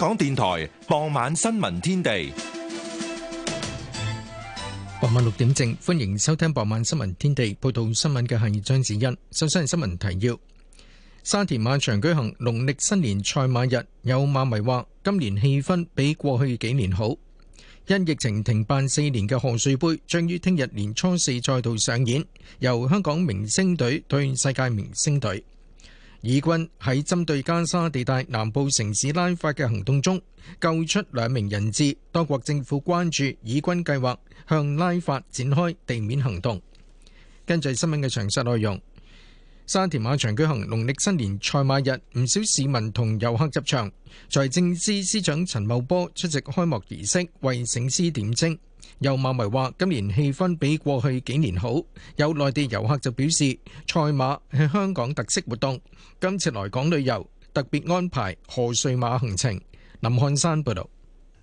香港電台傍晚新聞天地，傍晚六點正，歡迎收聽傍晚新聞天地，報道新聞嘅係張子欣，首先係新聞提要：沙田馬場舉行農曆新年賽馬日，有馬迷話今年氣氛比過去幾年好。因疫情停辦四年嘅賀歲杯將於聽日年初四再度上演，由香港明星隊對世界明星隊。以軍喺針對加沙地帶南部城市拉法嘅行動中救出兩名人質，多國政府關注以軍計劃向拉法展開地面行動。跟住新聞嘅詳細內容，沙田馬場舉行農曆新年賽馬日，唔少市民同遊客入場。財政司司長陳茂波出席開幕儀式為，為醒獅點睛。有馬迷話：今年氣氛比過去幾年好，有內地遊客就表示，賽馬係香港特色活動，今次來港旅遊特別安排賀歲馬行程。林漢山報導。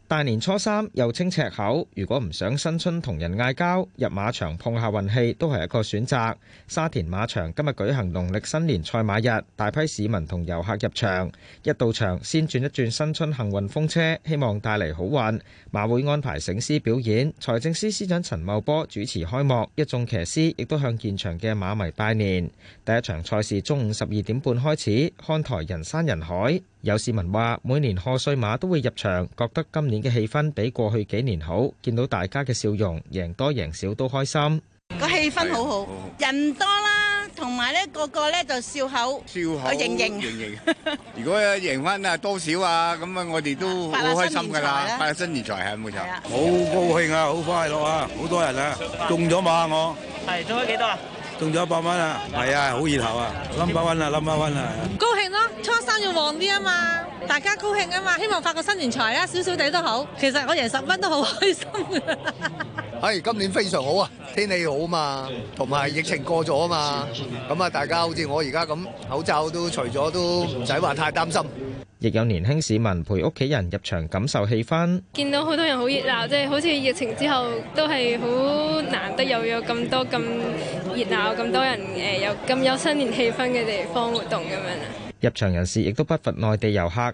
大年初三又稱赤口，如果唔想新春同人嗌交，入馬場碰下運氣都係一個選擇。沙田馬場今日舉行農曆新年賽馬日，大批市民同遊客入場。一到場先轉一轉新春幸運風車，希望帶嚟好運。馬會安排醒獅表演，財政司司長陳茂波主持開幕，一眾騎師亦都向現場嘅馬迷拜年。第一場賽事中午十二點半開始，看台人山人海。有市民話：每年賀歲馬都會入場，覺得今年嘅氣氛比過去幾年好，見到大家嘅笑容，贏多贏少都開心。個氣氛好好，人多啦，同埋咧個個咧就笑口笑口，盈盈盈盈。如果贏翻啊多少啊，咁啊我哋都好開心㗎啦，發新年財係冇錯，好高興啊，好快樂啊，好多人啊，中咗馬我係中咗幾多啊？中咗一百蚊啦，係啊，好熱鬧啊，冧巴溫啊，冧巴溫啊，高興咯！初三要旺啲啊嘛，大家高興啊嘛，希望發個新年財啦，少少地都好。其實我贏十蚊都好開心。係今年非常好啊，天氣好嘛，同埋疫情過咗啊嘛，咁啊，大家好似我而家咁口罩都除咗都唔使話太擔心。亦有年輕市民陪屋企人入場感受氣氛，見到好多人好熱鬧，即係好似疫情之後都係好難得又有咁多咁。熱鬧咁多人誒，有、呃、咁有新年氣氛嘅地方活動咁樣啊。入場人士亦都不乏內地遊客。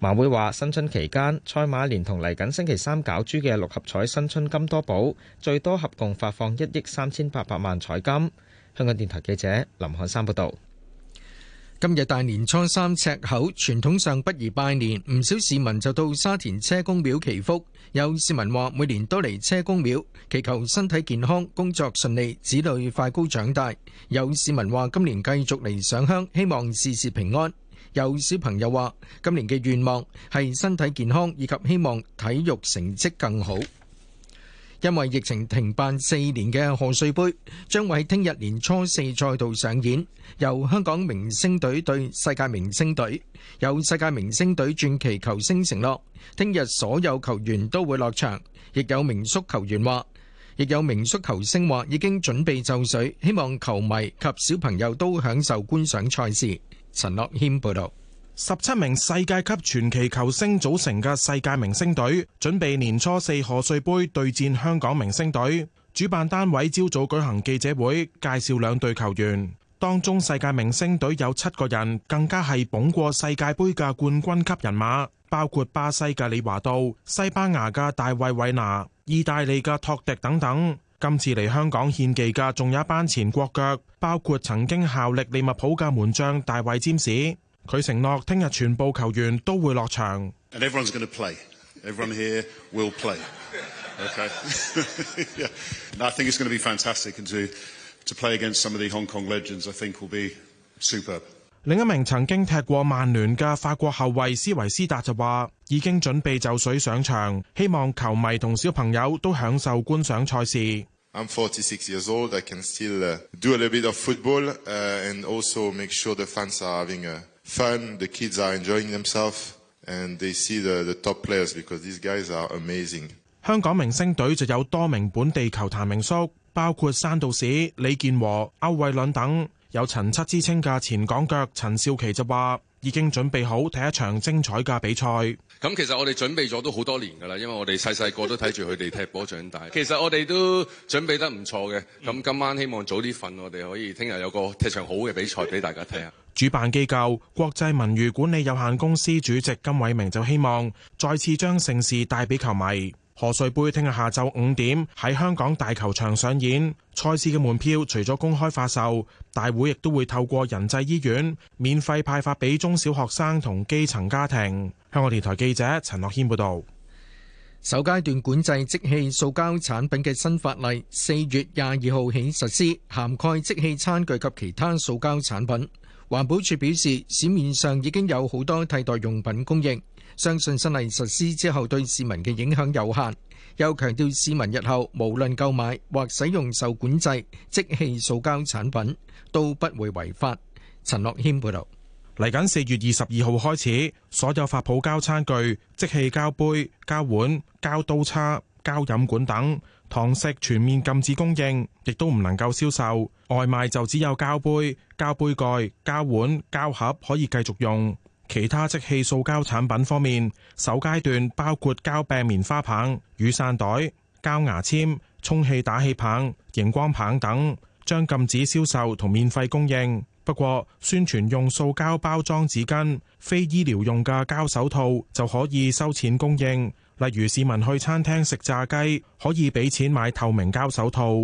馬會話：新春期間，賽馬連同嚟緊星期三攪珠嘅六合彩新春金多寶，最多合共發放一億三千八百萬彩金。香港電台記者林漢山報道。今日大年初三，赤口，傳統上不宜拜年，唔少市民就到沙田車公廟祈福。有市民話：每年都嚟車公廟祈求身體健康、工作順利、子女快高長大。有市民話：今年繼續嚟上香，希望事事平安。有小朋友話：今年嘅願望係身體健康，以及希望體育成績更好。因為疫情停辦四年嘅賀歲盃將會喺聽日年初四再度上演，由香港明星隊對世界明星隊。有世界明星隊傳奇球星承諾，聽日所有球員都會落場。亦有名宿球員話，亦有名宿球星話已經準備就緒，希望球迷及小朋友都享受觀賞賽事。陳樂謙報道：十七名世界級傳奇球星組成嘅世界明星隊，準備年初四賀歲盃對戰香港明星隊。主辦單位朝早舉行記者會，介紹兩隊球員。當中世界明星隊有七個人，更加係捧過世界盃嘅冠軍級人馬，包括巴西嘅李華道、西班牙嘅大衛韋拿、意大利嘅托迪等等。今次嚟香港獻技嘅，仲有一班前國腳，包括曾經效力利物浦嘅門將大衛詹士。佢承諾聽日全部球員都會落場。另一名曾經踢過曼聯嘅法國後衛斯維斯達就話，已經準備就緒，上場，希望球迷同小朋友都享受觀賞賽事。香港明星隊就有多名本地球壇名宿，包括山道士、李健和、歐惠倫等。有陳七之稱嘅前港腳陳少琪就話，已經準備好踢一場精彩嘅比賽。咁其實我哋準備咗都好多年噶啦，因為我哋細細個都睇住佢哋踢波長大。其實我哋都準備得唔錯嘅。咁今晚希望早啲瞓，我哋可以聽日有個踢場好嘅比賽俾大家睇下。主辦機構國際文娛管理有限公司主席金偉明就希望再次將盛事帶俾球迷。賀歲杯聽日下晝五點喺香港大球場上演，賽事嘅門票除咗公開發售，大會亦都會透過仁濟醫院免費派發俾中小學生同基層家庭。香港電台記者陳樂謙報道。首階段管制即棄塑膠產品嘅新法例四月廿二號起實施，涵蓋即棄餐具及其他塑膠產品。環保署表示，市面上已經有好多替代用品供應。相信新例實施之後，對市民嘅影響有限。又強調市民日後無論購買或使用受管制即棄塑膠產品，都不會違法。陳樂軒報導。嚟緊四月二十二號開始，所有發泡膠餐具、即棄膠杯、膠碗、膠刀叉、膠飲管等堂食全面禁止供應，亦都唔能夠銷售。外賣就只有膠杯、膠杯蓋、膠碗、膠盒可以繼續用。其他即棄塑膠產品方面，首階段包括膠柄棉花棒、雨傘袋、膠牙籤、充氣打氣棒、螢光棒等，將禁止銷售同免費供應。不過，宣傳用塑膠包裝紙巾、非醫療用嘅膠手套就可以收錢供應。例如，市民去餐廳食炸雞，可以俾錢買透明膠手套。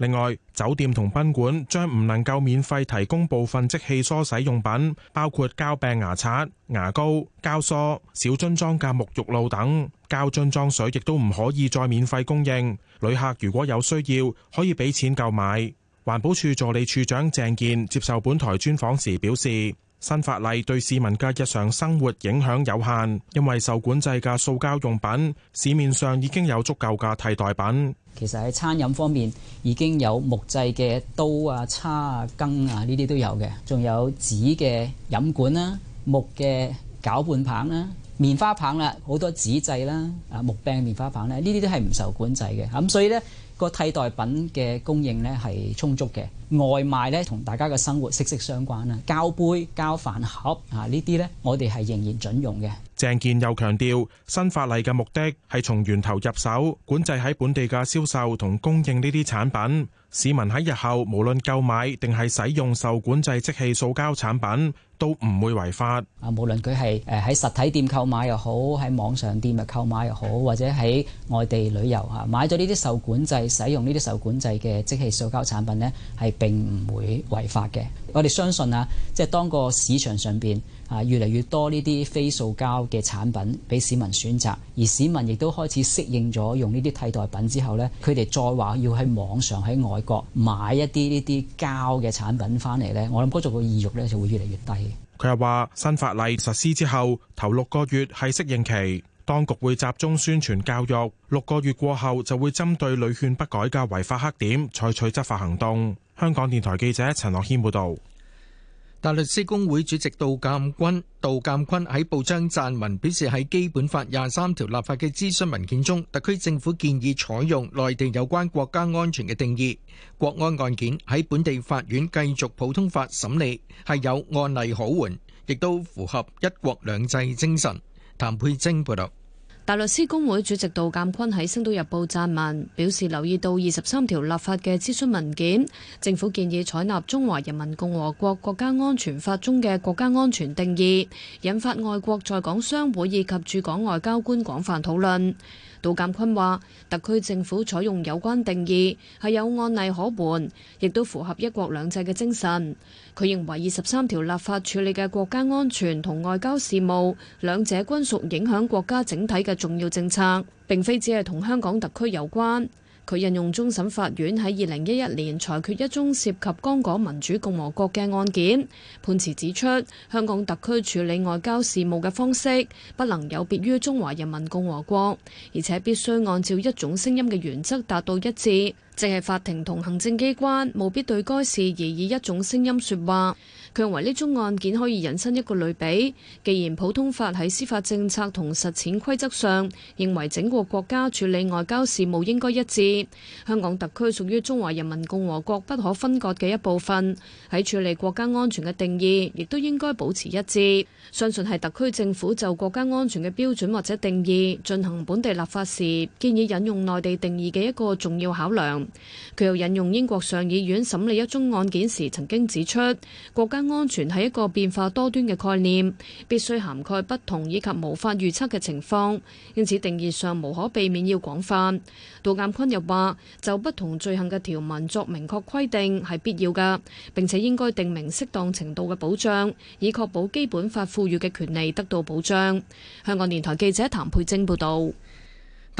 另外，酒店同賓館將唔能夠免費提供部分即棄梳洗用品，包括膠柄牙刷、牙膏、膠梳、小樽裝嘅沐浴露等，膠樽裝水亦都唔可以再免費供應。旅客如果有需要，可以俾錢購買。環保署助理處長鄭健接受本台專訪時表示，新法例對市民嘅日常生活影響有限，因為受管制嘅塑膠用品市面上已經有足夠嘅替代品。其實喺餐飲方面已經有木製嘅刀啊、叉啊、羹啊呢啲都有嘅，仲有紙嘅飲管啦、啊、木嘅攪拌棒啦、啊、棉花棒啦、啊，好多紙製啦、啊、啊木柄棉花棒咧、啊，呢啲都係唔受管制嘅。咁、嗯、所以咧個替代品嘅供應咧係充足嘅。外賣咧同大家嘅生活息息相關啦、啊，膠杯、膠飯盒啊呢啲咧我哋係仍然準用嘅。鄭建又強調，新法例嘅目的係從源頭入手，管制喺本地嘅銷售同供應呢啲產品。市民喺日後無論購買定係使用受管制即棄塑膠產品，都唔會違法。啊，無論佢係誒喺實體店購買又好，喺網上店物購買又好，或者喺外地旅遊吓買咗呢啲受管制、使用呢啲受管制嘅即棄塑膠產品呢係並唔會違法嘅。我哋相信啊，即係當個市場上邊。啊，越嚟越多呢啲非塑膠嘅產品俾市民選擇，而市民亦都開始適應咗用呢啲替代品之後，呢佢哋再話要喺網上喺外國買一啲呢啲膠嘅產品翻嚟咧，我諗嗰種嘅意欲咧就會越嚟越低。佢又話：新法例實施之後頭六個月係適應期，當局會集中宣傳教育，六個月過後就會針對屢勸不改嘅違法黑點採取執法行動，香港電台記者陳樂謙報道。大律師公會主席杜鑑軍杜鑑坤喺報章撰文表示，喺基本法廿三條立法嘅諮詢文件中，特區政府建議採用內地有關國家安全嘅定義，國安案件喺本地法院繼續普通法審理，係有案例可援，亦都符合一國兩制精神。譚佩晶報道。大律師公會主席杜鑒坤喺《星島日報》撰文，表示留意到二十三條立法嘅諮詢文件，政府建議採納中華人民共和國國家安全法中嘅國家安全定義，引發外國在港商會以及駐港外交官廣泛討論。杜鑑坤話：特區政府採用有關定義係有案例可援，亦都符合一國兩制嘅精神。佢認為二十三條立法處理嘅國家安全同外交事務，兩者均屬影響國家整體嘅重要政策，並非只係同香港特區有關。佢引用終審法院喺二零一一年裁決一宗涉及剛果民主共和國嘅案件，判詞指出，香港特區處理外交事務嘅方式不能有別於中華人民共和國，而且必須按照一種聲音嘅原則達到一致。正係法庭同行政機關務必對該事而以一種聲音説話。佢認為呢宗案件可以引申一個類比，既然普通法喺司法政策同實踐規則上認為整個國家處理外交事務應該一致，香港特區屬於中華人民共和國不可分割嘅一部分，喺處理國家安全嘅定義亦都應該保持一致。相信係特區政府就國家安全嘅標準或者定義進行本地立法時，建議引用內地定義嘅一個重要考量。佢又引用英國上議院審理一宗案件時曾經指出，國家安全係一個變化多端嘅概念，必須涵蓋不同以及無法預測嘅情況，因此定義上無可避免要廣泛。杜淦坤又話：就不同罪行嘅條文作明確規定係必要嘅，並且應該定明適當程度嘅保障，以確保基本法賦予嘅權利得到保障。香港電台記者譚佩晶報道。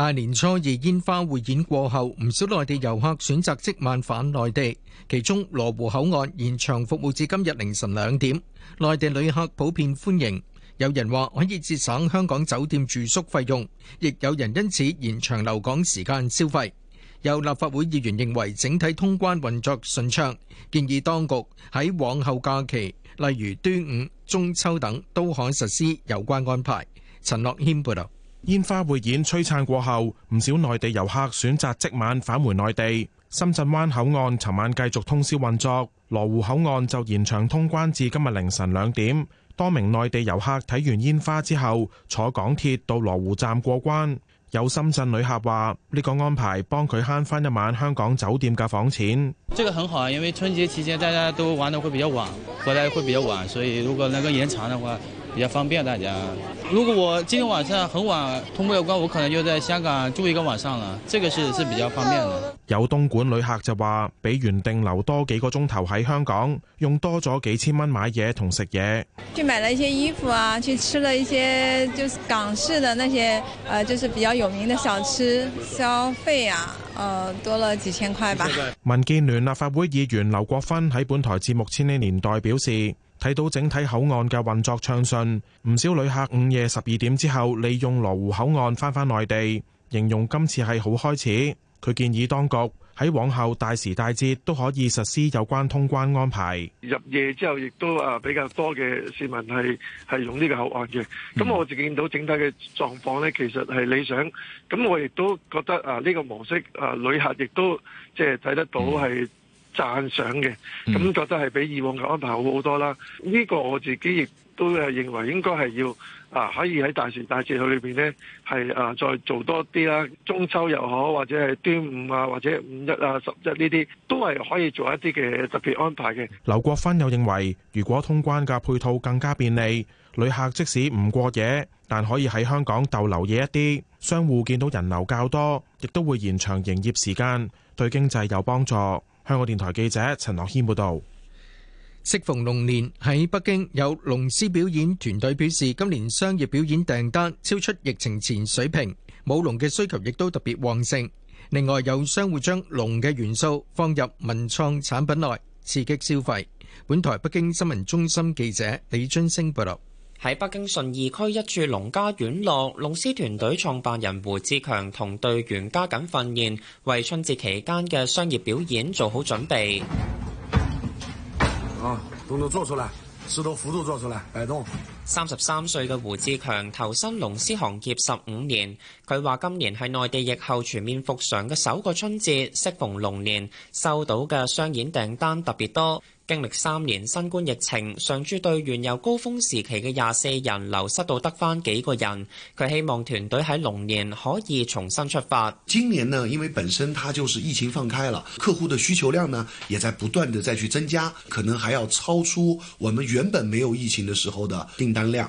大年初二煙花匯演過後，唔少內地遊客選擇即晚返內地。其中羅湖口岸延長服務至今日凌晨兩點，內地旅客普遍歡迎。有人話可以節省香港酒店住宿費用，亦有人因此延長留港時間消費。有立法會議員認為整體通關運作順暢，建議當局喺往後假期，例如端午、中秋等，都可實施有關安排。陳樂謙報導。煙花匯演璀璨過後，唔少內地遊客選擇即晚返回內地。深圳灣口岸尋晚繼續通宵運作，羅湖口岸就延長通關至今日凌晨兩點。多名內地遊客睇完煙花之後，坐港鐵到羅湖站過關。有深圳旅客話：呢個安排幫佢慳翻一晚香港酒店嘅房錢。這個很好啊，因為春節期間大家都玩得會比較晚，回來會比較晚，所以如果能夠延長的話。比較方便大家。如果我今天晚上很晚通過有關，我可能就在香港住一個晚上啦。這個是是比較方便的。有東莞旅客就話，比原定留多幾個鐘頭喺香港，用多咗幾千蚊買嘢同食嘢。去買了一些衣服啊，去吃了一些就是港式的那些，呃，就是比較有名的小吃消費啊，呃，多了幾千塊吧。民建聯立法會議員劉國勳喺本台節目《千禧年代》表示。睇到整體口岸嘅運作暢順，唔少旅客午夜十二點之後利用羅湖口岸翻返內地，形容今次係好開始。佢建議當局喺往後大時大節都可以實施有關通關安排。入夜之後亦都啊比較多嘅市民係係用呢個口岸嘅，咁我就見到整體嘅狀況咧，其實，係理想。咁我亦都覺得啊呢個模式啊旅、呃、客亦都即係睇得到係。讚賞嘅咁覺得係比以往嘅安排好好多啦。呢、這個我自己亦都係認為應該係要啊，可以喺大時大節去裏邊咧係啊，再做多啲啦。中秋又好，或者係端午啊，或者五一啊、十一呢啲都係可以做一啲嘅特別安排嘅。劉國芬又認為，如果通關嘅配套更加便利，旅客即使唔過夜，但可以喺香港逗留夜一啲，商戶見到人流較多，亦都會延長營業時間，對經濟有幫助。香港電台記者陳樂謙報道：適逢龍年，喺北京有龍獅表演團隊表示，今年商業表演訂單超出疫情前水平，舞龍嘅需求亦都特別旺盛。另外，有商戶將龍嘅元素放入文創產品內，刺激消費。本台北京新聞中心記者李津升報道。喺北京順義區一處農家院落，龍獅團隊創辦人胡志強同隊員加緊訓練，為春節期間嘅商業表演做好準備。啊，動作做出來，適當幅度做出來，擺動。三十三歲嘅胡志強投身龍獅行業十五年，佢話今年係內地疫後全面復常嘅首個春節，適逢龍年，收到嘅商演訂單特別多。經歷三年新冠疫情，上注隊員由高峰時期嘅廿四人流失到得返幾個人，佢希望團隊喺龍年可以重新出發。今年呢，因為本身它就是疫情放開了，客戶的需求量呢，也在不斷的再去增加，可能還要超出我們原本沒有疫情的時候的訂單量。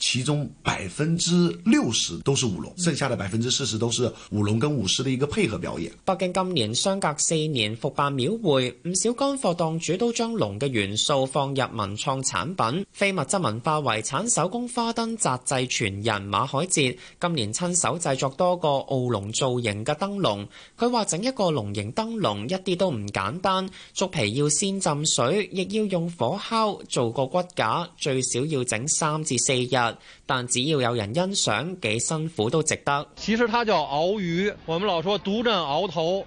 其中百分之六十都是舞龍，剩下的百分之四十都是舞龍跟舞獅的一個配合表演。北京今年相隔四年復辦廟會，唔少乾貨檔主都將龍嘅元素放入文創產品。非物質文化遺產手工花燈紮製傳人馬海哲今年親手製作多個澳龍造型嘅燈籠，佢話整一個龍形燈籠一啲都唔簡單，竹皮要先浸水，亦要用火烤做個骨架，最少要整三至四日。但只要有人欣賞，幾辛苦都值得。其實它叫鰲魚，我們老說獨佔鰲頭。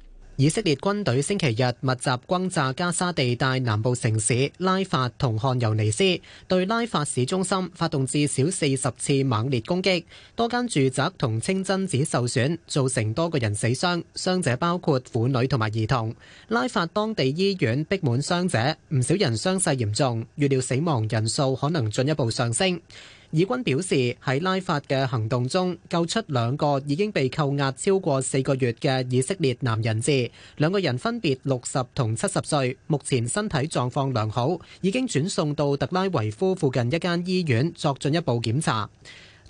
以色列軍隊星期日密集轟炸加沙地帶南部城市拉法同汗尤尼斯，對拉法市中心發動至少四十次猛烈攻擊，多間住宅同清真寺受損，造成多個人死傷，傷，傷者包括婦女同埋兒童。拉法當地醫院逼滿傷者，唔少人傷勢嚴重，預料死亡人數可能進一步上升。以軍表示，喺拉法嘅行動中救出兩個已經被扣押超過四個月嘅以色列男人質，兩個人分別六十同七十歲，目前身體狀況良好，已經轉送到特拉維夫附近一間醫院作進一步檢查。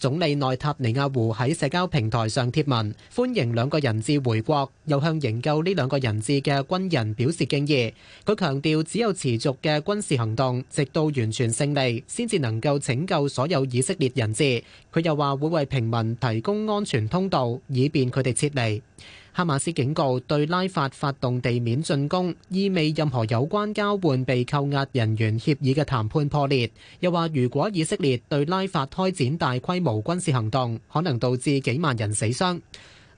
總理內塔尼亞胡喺社交平台上貼文，歡迎兩個人質回國，又向營救呢兩個人質嘅軍人表示敬意。佢強調，只有持續嘅軍事行動，直到完全勝利，先至能夠拯救所有以色列人質。佢又話會為平民提供安全通道，以便佢哋撤離。哈馬斯警告對拉法發動地面進攻，意味任何有關交換被扣押人員協議嘅談判破裂。又話，如果以色列對拉法開展大規模軍事行動，可能導致幾萬人死傷。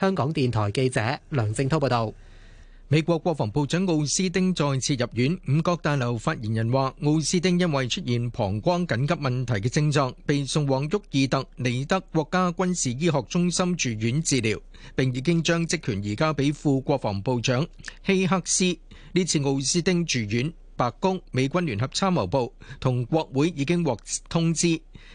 香港電台記者梁正濤報道，美國國防部長奧斯汀再次入院。五角大樓發言人話，奧斯汀因為出現膀胱緊急問題嘅症狀，被送往沃爾特尼德國家軍事醫學中心住院治療，並已經將職權移交俾副國防部長希克斯。呢次奧斯汀住院。白宮、美軍聯合參謀部同國會已經獲通知。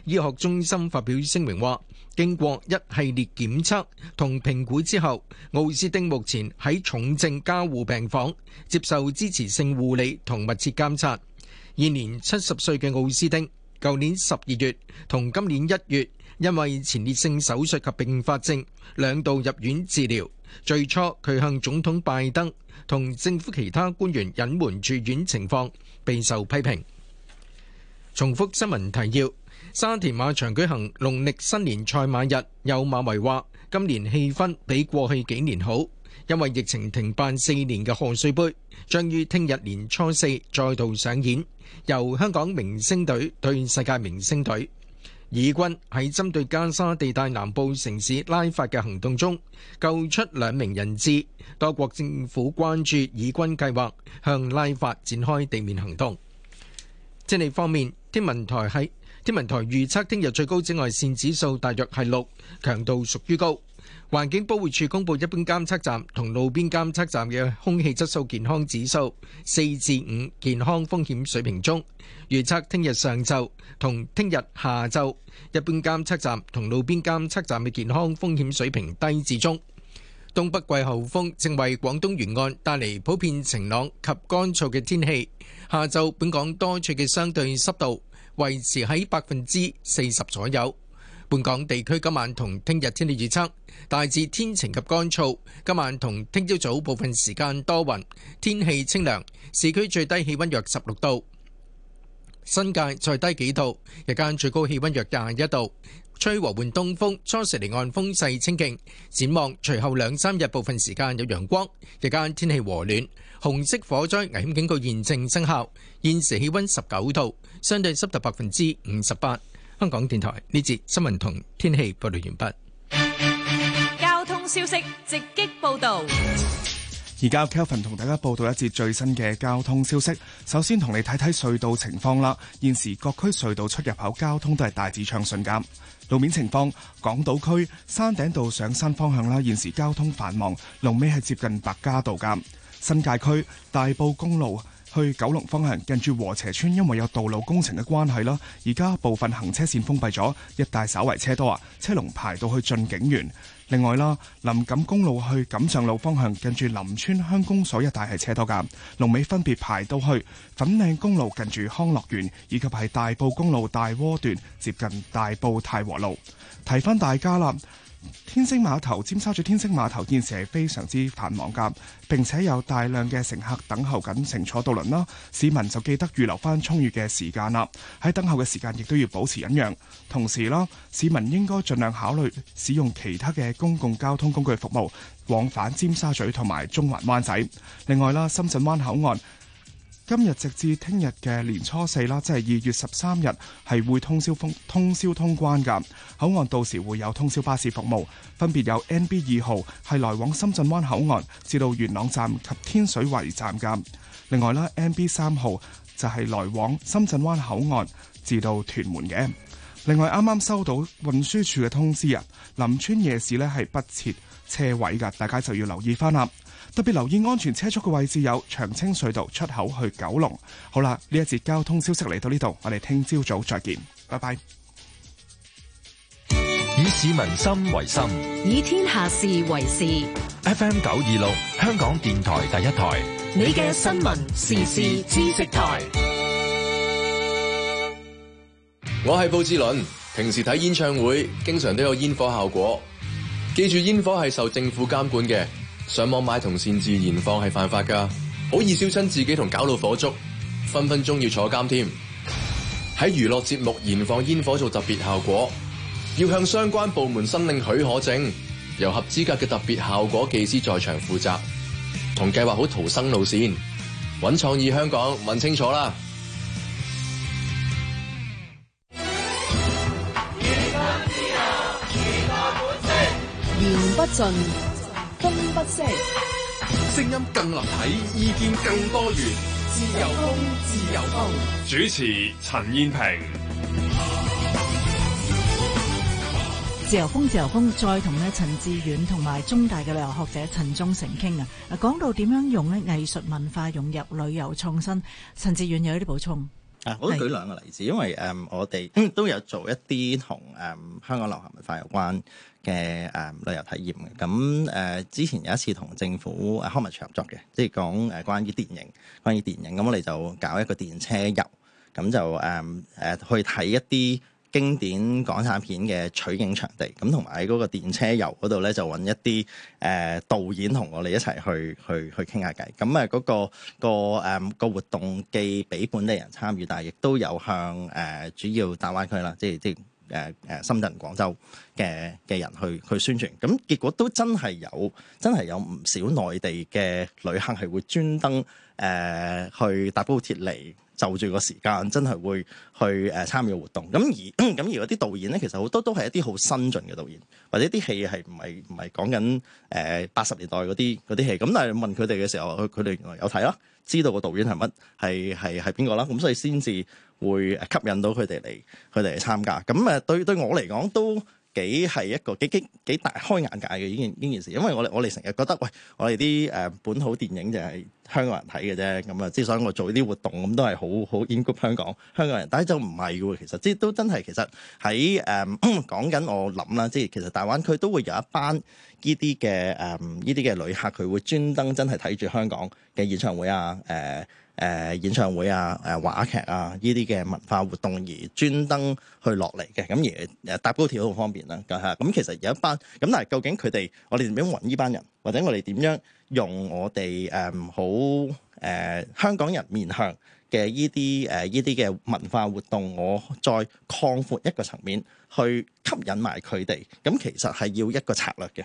醫學中心發表聲明話，經過一系列檢測同評估之後，奧斯丁目前喺重症加護病房接受支持性護理同密切監察。現年七十歲嘅奧斯丁，舊年十二月同今年一月，因為前列腺手術及併發症，兩度入院治療。最初佢向總統拜登同政府其他官員隱瞞住院情況，備受批評。重複新聞提要：沙田馬場舉行農曆新年賽馬日，有馬迷話今年氣氛比過去幾年好，因為疫情停辦四年嘅賀歲杯將於聽日年初四再度上演，由香港明星隊對世界明星隊。以軍喺針對加沙地帶南部城市拉法嘅行動中救出兩名人質，多國政府關注以軍計劃向拉法展開地面行動。天氣方面，天文台喺天文台預測，聽日最高紫外線指數大約係六，強度屬於高。環境保護署公布一般監測站同路邊監測站嘅空氣質素健康指數四至五，健康風險水平中。預測聽日上晝同聽日下晝，一般監測站同路邊監測站嘅健康風險水平低至中。東北季候風正為廣東沿岸帶嚟普遍晴朗及乾燥嘅天氣。下晝本港多處嘅相對濕度維持喺百分之四十左右。本港地區今晚同聽日天氣預測，大致天晴及乾燥。今晚同聽朝早部分時間多雲，天氣清涼，市區最低氣溫約十六度，新界再低幾度，日間最高氣溫約廿一度。吹和緩東風，初時離岸風勢清勁。展望隨後兩三日部分時間有陽光，日間天氣和暖。紅色火災危險警告現正生效，現時氣溫十九度，相對濕度百分之五十八。香港電台呢節新聞同天氣報道完畢。交通消息直擊報道，而家 Kelvin 同大家報道一節最新嘅交通消息。首先同你睇睇隧道情況啦。現時各區隧道出入口交通都係大致暢順噶。路面情況，港島區山頂道上山方向啦，現時交通繁忙，龍尾係接近白加道噶。新界區大埔公路，去九龍方向，近住和斜村，因為有道路工程嘅關係啦，而家部分行車線封閉咗，一帶稍為車多啊，車龍排到去駿景園。另外啦，林錦公路去錦上路方向，近住林村鄉公所一帶係車多噶，龍尾分別排到去粉嶺公路近住康樂園，以及喺大埔公路大窩段接近大埔太和路。提翻大家啦。天星碼頭，尖沙咀天星碼頭現時係非常之繁忙噶，並且有大量嘅乘客等候緊乘坐渡輪啦。市民就記得預留翻充裕嘅時間啦。喺等候嘅時間亦都要保持忍讓。同時啦，市民應該盡量考慮使用其他嘅公共交通工具服務往返尖沙咀同埋中環灣仔。另外啦，深圳灣口岸。今日直至聽日嘅年初四啦，即係二月十三日，係會通宵封、通宵通關噶，口岸到時會有通宵巴士服務，分別有 N B 二號係來往深圳灣口岸至到元朗站及天水圍站噶，另外啦，N B 三號就係、是、來往深圳灣口岸至到屯門嘅。另外啱啱收到運輸署嘅通知啊，林村夜市呢係不設車位噶，大家就要留意翻啦。特別留意安全車速嘅位置，有長青隧道出口去九龍。好啦，呢一節交通消息嚟到呢度，我哋聽朝早再見，拜拜。以市民心為心，以天下事為事。F M 九二六，香港電台第一台，你嘅新聞時事知識台。識台，我係布志倫。平時睇演唱會經常都有煙火效果，記住煙火係受政府監管嘅。上網買同擅自燃放係犯法噶，好易燒親自己同搞到火燭，分分鐘要坐監添。喺娛樂節目燃放煙火做特別效果，要向相關部門申領許可證，由合資格嘅特別效果技師在場負責，同計劃好逃生路線，搵創意香港問清楚啦。言，言不盡。風不息，聲音更立體，意見更多元。自由風，自由風。主持陳燕平，自由風，自由風，再同呢陳志遠同埋中大嘅旅遊學者陳忠成傾啊。講到點樣用呢藝術文化融入旅遊創新，陳志遠有一啲補充。啊，我都舉兩個例子，因為誒、um, 我哋都有做一啲同誒香港流行文化有關嘅誒、嗯、旅遊體驗嘅，咁誒、呃、之前有一次同政府康文合作嘅，即係講誒關於電影，關於電影，咁我哋就搞一個電車遊，咁就誒誒、嗯呃、去睇一啲。經典港產片嘅取景場地，咁同埋喺嗰個電車遊嗰度咧，就揾一啲誒導演同我哋一齊去去去傾下偈。咁、嗯、啊，嗰、嗰個個誒、嗯、活動既俾本地人參與，但係亦都有向誒、呃、主要大灣區啦，即係即係誒誒深圳、廣州嘅嘅人去去宣傳。咁、嗯、結果都真係有，真係有唔少內地嘅旅客係會專登誒、呃、去搭高鐵嚟。就住個時間，真係會去誒參與活動。咁而咁而嗰啲導演咧，其實好多都係一啲好新進嘅導演，或者啲戲係唔係唔係講緊誒八十年代嗰啲啲戲。咁但係問佢哋嘅時候，佢哋原來有睇囉，知道個導演係乜係係係邊個啦。咁所以先至會吸引到佢哋嚟，佢哋嚟參加。咁誒對對我嚟講都幾係一個幾幾幾大開眼界嘅呢件呢件事，因為我我哋成日覺得，喂，我哋啲誒本土電影就係香港人睇嘅啫，咁啊，之所以我做呢啲活動咁都係好好 include 香港香港人，但係就唔係嘅，其實即都真係其實喺誒、呃、講緊我諗啦，即係其實大灣區都會有一班呢啲嘅誒呢啲嘅旅客，佢會專登真係睇住香港嘅演唱會啊誒。呃誒、呃、演唱會啊、誒、呃、話劇啊呢啲嘅文化活動而專登去落嚟嘅，咁而誒搭、呃、高鐵好方便啦，咁嚇。咁其實有一班，咁但係究竟佢哋我哋點樣揾呢班人，或者我哋點樣用我哋唔、呃、好誒、呃、香港人面向嘅依啲誒依啲嘅文化活動，我再擴闊一個層面去吸引埋佢哋，咁其實係要一個策略嘅。